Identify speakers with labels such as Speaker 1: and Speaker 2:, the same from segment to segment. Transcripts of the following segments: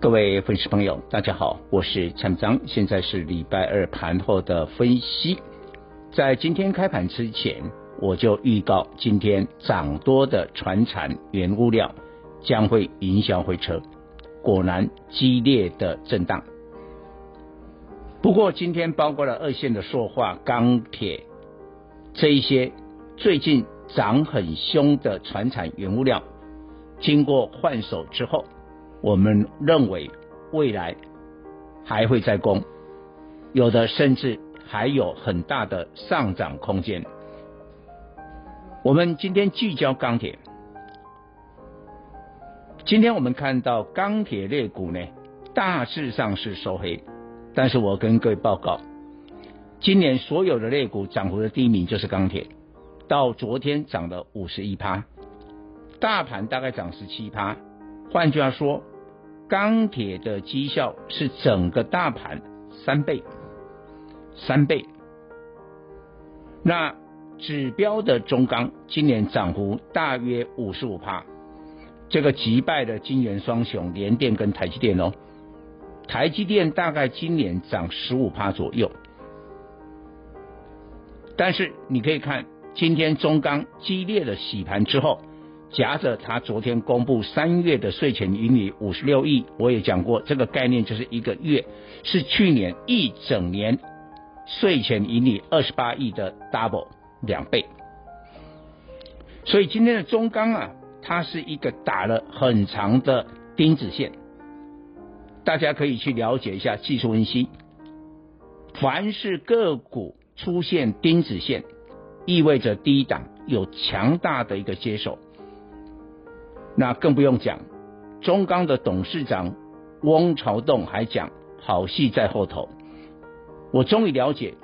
Speaker 1: 各位粉絲朋友，大家好，我是蔡明彰，現在是禮拜二盤後的分析。在今天開盤之前，我就預告今天漲多的傳產原物料將會影響回撤。果然激烈的震盪。不過今天包括了二線的塑化、鋼鐵這一些最近漲很兇的傳產原物料，經過換手之後。我們認為未來還會再攻，有的甚至還有很大的上漲空間。我們今天聚焦鋼鐵，今天我們看到鋼鐵類股呢，大致上是收黑，但是我跟各位報告，今年所有的類股漲幅的第一名就是鋼鐵，到昨天漲了五十一趴，大盤大概漲十七趴。換句話說，鋼鐵的績效是整個大盤三倍，三倍。那指標的中鋼今年漲幅大約五十五趴，這個擊敗的晶圓雙雄聯電跟台積電哦，台積電大概今年漲十五趴左右，但是你可以看今天中鋼激烈的洗盤之後。夾着他昨天公布三月的稅前盈利五十六億，我也講過這個概念，就是一個月是去年一整年稅前盈利二十八億的 double 兩倍。所以今天的中鋼啊，它是一個打了很長的釘子線，大家可以去了解一下技術分析。凡是個股出現釘子線，意味着第一檔有強大的一個接手。那更不用講，中鋼的董事長翁朝棟還講好戲在後頭。我終於了解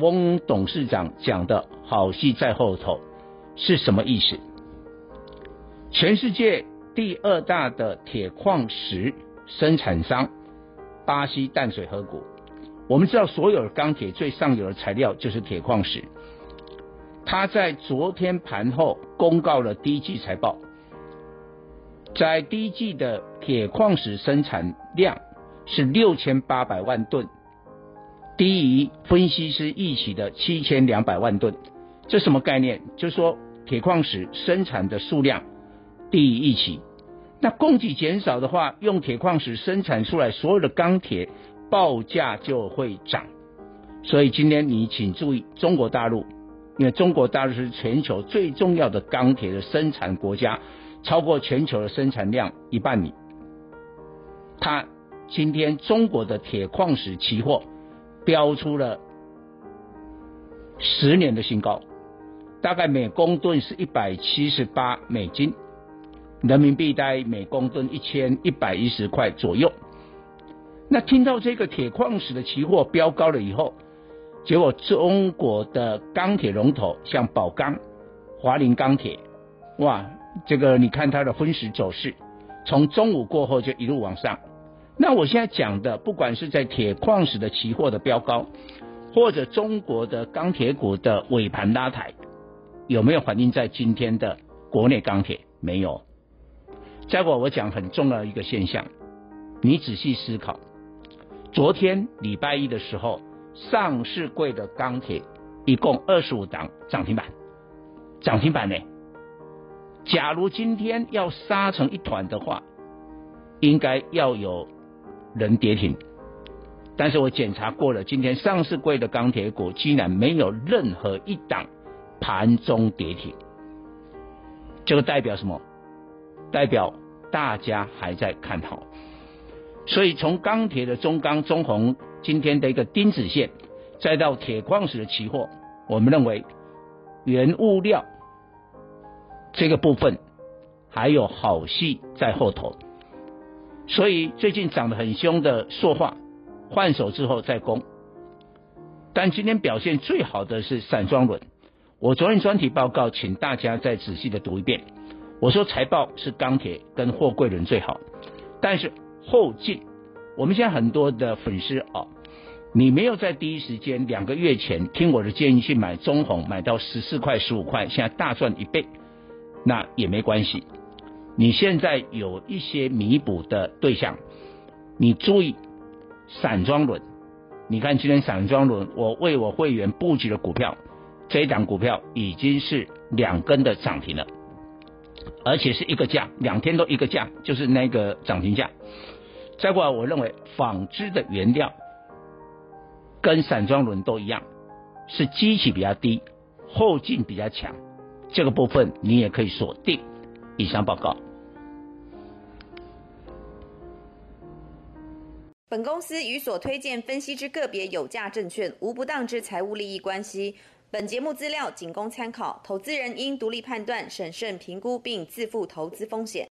Speaker 1: 翁董事長講的好戲在後頭是什麼意思。全世界第二大的鐵礦石生產商巴西淡水河谷，我們知道所有鋼鐵最上游的材料就是鐵礦石。他在昨天盤後公告了第一季財報。在第一季的鐵礦石生產量是六千八百萬噸，低於分析師預期的七千兩百萬噸。這什麼概念？就是說鐵礦石生產的數量低於預期。那供給減少的話，用鐵礦石生產出來所有的鋼鐵報價就會漲。所以今天你請注意，中國大陸，因為中國大陸是全球最重要的鋼鐵的生產國家。超過全球的生產量一半米。它今天中國的鐵礦石期貨飆出了十年的新高，大概每公噸是一百七十八美金，人民幣大概每公噸一千一百一十塊左右。那聽到這個鐵礦石的期貨飆高了以後，結果中國的鋼鐵龍頭像寶鋼、華菱鋼鐵，哇！這個你看它的分時走勢，從中午過後就一路往上。那我現在講的，不管是在鐵礦石的期貨的飆高，或者中國的鋼鐵股的尾盤拉抬，有沒有反映在今天的國內鋼鐵？沒有。再過我講很重要一個現象，你仔細思考，昨天禮拜一的時候，上市櫃的鋼鐵一共二十五檔漲停板，漲停板呢？假如今天要殺成一團的話，應該要有人跌停，但是我檢查過了，今天上市櫃的鋼鐵股竟然沒有任何一檔盤中跌停，這個代表什麼？代表大家還在看好。所以從鋼鐵的中鋼、中鴻今天的一個釘子線，再到鐵礦石的期貨，我們認為原物料。這個部分還有好戲在後頭，所以最近漲得很凶的塑化換手之後再攻，但今天表現最好的是散裝輪。我昨天專題報告，請大家再仔細的讀一遍。我說財報是鋼鐵跟貨櫃輪最好，但是後勁。我們現在很多的粉絲啊、哦，你沒有在第一時間兩個月前聽我的建議去買中鴻，買到十四塊十五塊，現在大賺一倍。那也沒關係，你現在有一些彌補的對象，你注意，散裝輪，你看今天散裝輪，我為我會員布局的股票，這一檔股票已經是兩根的漲停了，而且是一個價，兩天都一個價，就是那個漲停價。再過來，我認為紡織的原料，跟散裝輪都一樣，是基期比較低，後勁比較強。這個部分你也可以鎖定。以上報告。本公司與所推薦分析之個別有價證券無不當之財務利益關係。本節目資料僅供參考，投資人應獨立判斷、審慎評估並自負投資風險。